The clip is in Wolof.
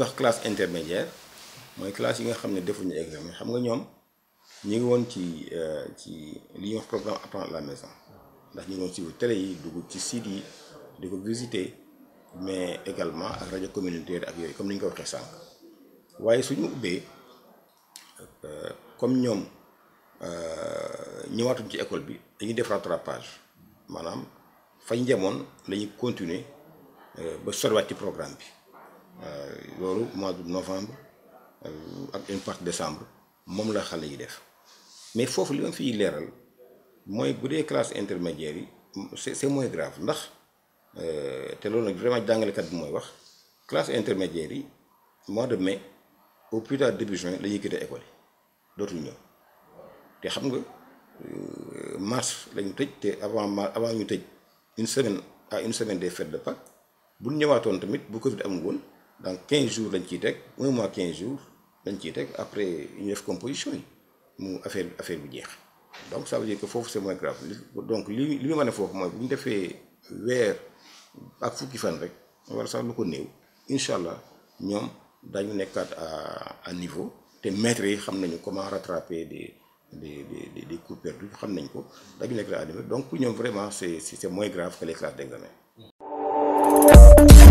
ñuy classe intermédiaire mooy classe yi nga xam ne defuñu examen xam nga ñoom euh, ñu ngi woon ci ci li ñuy programme apprendre la maison ndax nous ngi woon télé yi vous ci site yi visiter mais également ak radio communautaire ak yooyu comme ni ñu ko waxee sànq waaye suñu ubbee euh, comme ñoom euh, ñëwaatuñ ci école bi dañuy def rattrapage maanaam fañ njemoon la ñuy continuer ba sorwaat ci programme bi euh, loolu mois de novembre euh, ak une partie décembre mom la xalé yi def mais fofu li ma fi leeral moy bu classe intermédiaire c'est c'est moins grave ndax euh té lolu vraiment jàngalekat bi moy wax classe intermédiaire mois de mai au plus tard début juin la ñuy école dotu ñu té xam nga euh, mars lañu tëj té avant avant ñu tëj une semaine à une semaine des fêtes de Pâques bu ñu ñëwaatoon tamit bu Covid amul woon donc 15 jours lañ ciy un mois 15 jours lañ après une def composition mu affaire affaire bu jeex donc ça veut dire que fofu c'est moins grave donc li li ñu né fofu moy mooy défé ñu ak fukki fan rek war sax lu ko néew dañu à à niveau té maîtres yi xam comment rattraper des des des des coups perdus xam nañ ko dañu nekk à niveau donc pour vraiment c'est c'est moins grave que les classes d'examen.